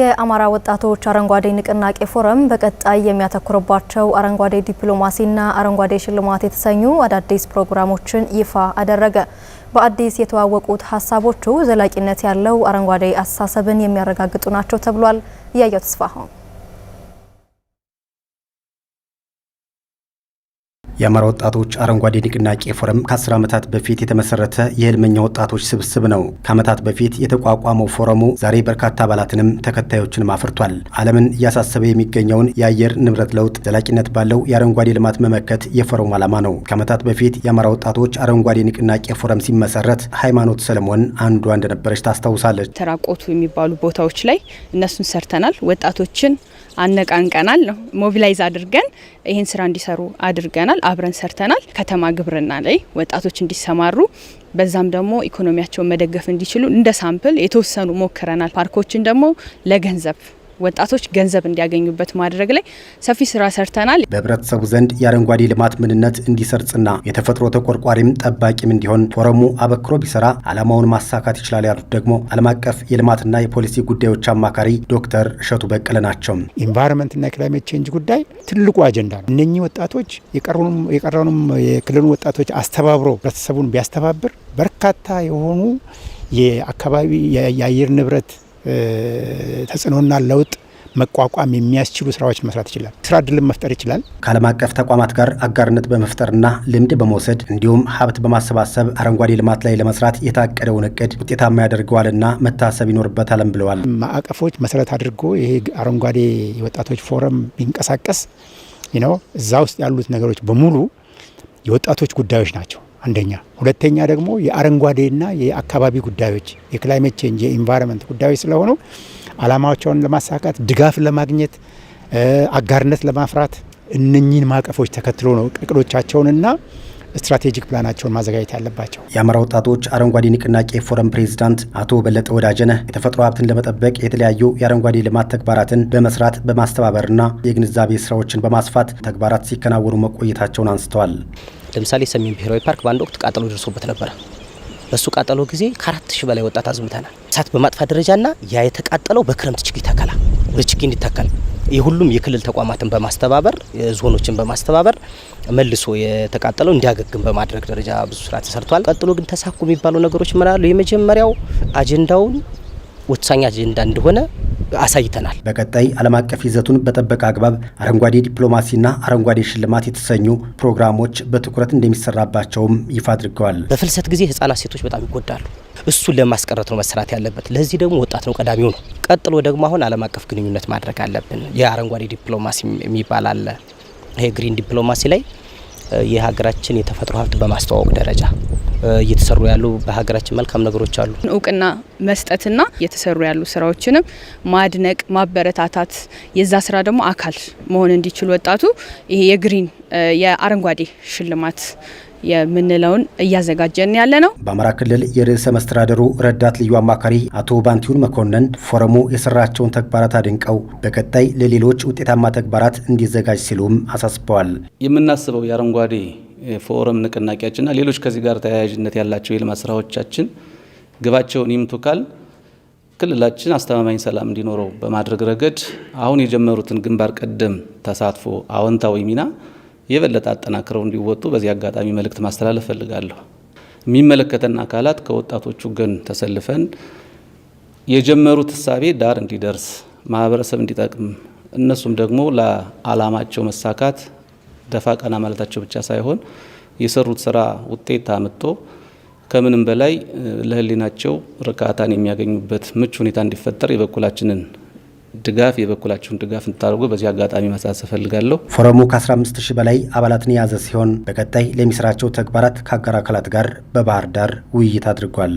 የአማራ ወጣቶች አረንጓዴ ንቅናቄ ፎረም በቀጣይ የሚያተኩርባቸው አረንጓዴ ዲፕሎማሲና አረንጓዴ ሽልማት የተሰኙ አዳዲስ ፕሮግራሞችን ይፋ አደረገ። በአዲስ የተዋወቁት ሀሳቦቹ ዘላቂነት ያለው አረንጓዴ አስተሳሰብን የሚያረጋግጡ ናቸው ተብሏል። እያየው ተስፋ የአማራ ወጣቶች አረንጓዴ ንቅናቄ ፎረም ከ10 ዓመታት በፊት የተመሰረተ የህልመኛ ወጣቶች ስብስብ ነው። ከዓመታት በፊት የተቋቋመው ፎረሙ ዛሬ በርካታ አባላትንም ተከታዮችንም አፍርቷል። ዓለምን እያሳሰበ የሚገኘውን የአየር ንብረት ለውጥ ዘላቂነት ባለው የአረንጓዴ ልማት መመከት የፎረሙ ዓላማ ነው። ከዓመታት በፊት የአማራ ወጣቶች አረንጓዴ ንቅናቄ ፎረም ሲመሰረት ሃይማኖት ሰለሞን አንዷ እንደነበረች ታስታውሳለች። ተራቆቱ የሚባሉ ቦታዎች ላይ እነሱን ሰርተናል። ወጣቶችን አነቃንቀናል ነው ሞቢላይዝ አድርገን ይህን ስራ እንዲሰሩ አድርገናል። አብረን ሰርተናል። ከተማ ግብርና ላይ ወጣቶች እንዲሰማሩ በዛም ደግሞ ኢኮኖሚያቸውን መደገፍ እንዲችሉ እንደ ሳምፕል የተወሰኑ ሞክረናል። ፓርኮችን ደግሞ ለገንዘብ ወጣቶች ገንዘብ እንዲያገኙበት ማድረግ ላይ ሰፊ ስራ ሰርተናል። በህብረተሰቡ ዘንድ የአረንጓዴ ልማት ምንነት እንዲሰርጽና የተፈጥሮ ተቆርቋሪም ጠባቂም እንዲሆን ፎረሙ አበክሮ ቢሰራ አላማውን ማሳካት ይችላል ያሉት ደግሞ ዓለም አቀፍ የልማትና የፖሊሲ ጉዳዮች አማካሪ ዶክተር እሸቱ በቀለ ናቸው። ኢንቫይሮንመንትና ክላይሜት ቼንጅ ጉዳይ ትልቁ አጀንዳ ነው። እነኚህ ወጣቶች የቀረኑም የክልሉን ወጣቶች አስተባብሮ ህብረተሰቡን ቢያስተባብር በርካታ የሆኑ የአካባቢ የአየር ንብረት ተጽዕኖና ለውጥ መቋቋም የሚያስችሉ ስራዎች መስራት ይችላል። ስራ እድልን መፍጠር ይችላል። ከዓለም አቀፍ ተቋማት ጋር አጋርነት በመፍጠርና ልምድ በመውሰድ እንዲሁም ሀብት በማሰባሰብ አረንጓዴ ልማት ላይ ለመስራት የታቀደውን እቅድ ውጤታማ ያደርገዋልና መታሰብ ይኖርበታልም ብለዋል። ማዕቀፎች መሰረት አድርጎ ይሄ አረንጓዴ የወጣቶች ፎረም ቢንቀሳቀስ ነው እዛ ውስጥ ያሉት ነገሮች በሙሉ የወጣቶች ጉዳዮች ናቸው። አንደኛ። ሁለተኛ ደግሞ የአረንጓዴና የአካባቢ ጉዳዮች የክላይሜት ቼንጅ የኢንቫይሮንመንት ጉዳዮች ስለሆኑ አላማቸውን ለማሳካት ድጋፍ ለማግኘት አጋርነት ለማፍራት እነኚህን ማዕቀፎች ተከትሎ ነው እቅዶቻቸውንና ስትራቴጂክ ፕላናቸውን ማዘጋጀት ያለባቸው። የአማራ ወጣቶች አረንጓዴ ንቅናቄ ፎረም ፕሬዚዳንት አቶ በለጠ ወዳጀነ የተፈጥሮ ሀብትን ለመጠበቅ የተለያዩ የአረንጓዴ ልማት ተግባራትን በመስራት በማስተባበርና የግንዛቤ ስራዎችን በማስፋት ተግባራት ሲከናወኑ መቆየታቸውን አንስተዋል። ለምሳሌ ሰሜን ብሔራዊ ፓርክ በአንድ ወቅት ቃጠሎ ደርሶበት ነበረ። በሱ ቃጠሎ ጊዜ ከአራት ሺህ በላይ ወጣት አዝምተናል። እሳት በማጥፋት ደረጃና ያ የተቃጠለው በክረምት ችግኝ ተከላ ወደ ችግኝ እንዲተከል የሁሉም የክልል ተቋማትን በማስተባበር ዞኖችን በማስተባበር መልሶ የተቃጠለው እንዲያገግም በማድረግ ደረጃ ብዙ ስራ ተሰርቷል። ቀጥሎ ግን ተሳኩ የሚባሉ ነገሮች ምናሉ? የመጀመሪያው አጀንዳውን ወሳኝ አጀንዳ እንደሆነ አሳይተናል። በቀጣይ ዓለም አቀፍ ይዘቱን በጠበቀ አግባብ አረንጓዴ ዲፕሎማሲና አረንጓዴ ሽልማት የተሰኙ ፕሮግራሞች በትኩረት እንደሚሰራባቸውም ይፋ አድርገዋል። በፍልሰት ጊዜ ህጻናት፣ ሴቶች በጣም ይጎዳሉ። እሱን ለማስቀረት ነው መሰራት ያለበት። ለዚህ ደግሞ ወጣት ነው ቀዳሚው ነው። ቀጥሎ ደግሞ አሁን ዓለም አቀፍ ግንኙነት ማድረግ አለብን። የአረንጓዴ ዲፕሎማሲ የሚባል አለ። ይሄ ግሪን ዲፕሎማሲ ላይ የሀገራችን የተፈጥሮ ሀብት በማስተዋወቅ ደረጃ እየተሰሩ ያሉ በሀገራችን መልካም ነገሮች አሉ። እውቅና መስጠትና እየተሰሩ ያሉ ስራዎችንም ማድነቅ፣ ማበረታታት የዛ ስራ ደግሞ አካል መሆን እንዲችል ወጣቱ ይሄ የግሪን የአረንጓዴ ሽልማት የምንለውን እያዘጋጀን ያለ ነው። በአማራ ክልል የርዕሰ መስተዳደሩ ረዳት ልዩ አማካሪ አቶ ባንቲሁን መኮንን ፎረሙ የሰራቸውን ተግባራት አድንቀው በቀጣይ ለሌሎች ውጤታማ ተግባራት እንዲዘጋጅ ሲሉም አሳስበዋል። የምናስበው የአረንጓዴ ፎረም ንቅናቄያችንና ሌሎች ከዚህ ጋር ተያያዥነት ያላቸው የልማት ስራዎቻችን ግባቸውን ይምቱካል ክልላችን አስተማማኝ ሰላም እንዲኖረው በማድረግ ረገድ አሁን የጀመሩትን ግንባር ቀደም ተሳትፎ አዎንታዊ ሚና የበለጠ አጠናክረው እንዲወጡ በዚህ አጋጣሚ መልእክት ማስተላለፍ ፈልጋለሁ። የሚመለከተን አካላት ከወጣቶቹ ግን ተሰልፈን የጀመሩት እሳቤ ዳር እንዲደርስ ማህበረሰብ እንዲጠቅም እነሱም ደግሞ ለዓላማቸው መሳካት ደፋ ቀና ማለታቸው ብቻ ሳይሆን የሰሩት ስራ ውጤት አምጥቶ ከምንም በላይ ለህሊናቸው ርካታን የሚያገኙበት ምቹ ሁኔታ እንዲፈጠር የበኩላችንን ድጋፍ የበኩላችሁን ድጋፍ እንድታደርጉ በዚህ አጋጣሚ ማሳሰብ እፈልጋለሁ። ፎረሙ ከ15 ሺህ በላይ አባላትን የያዘ ሲሆን በቀጣይ ለሚሰራቸው ተግባራት ከአጋር አካላት ጋር በባህር ዳር ውይይት አድርጓል።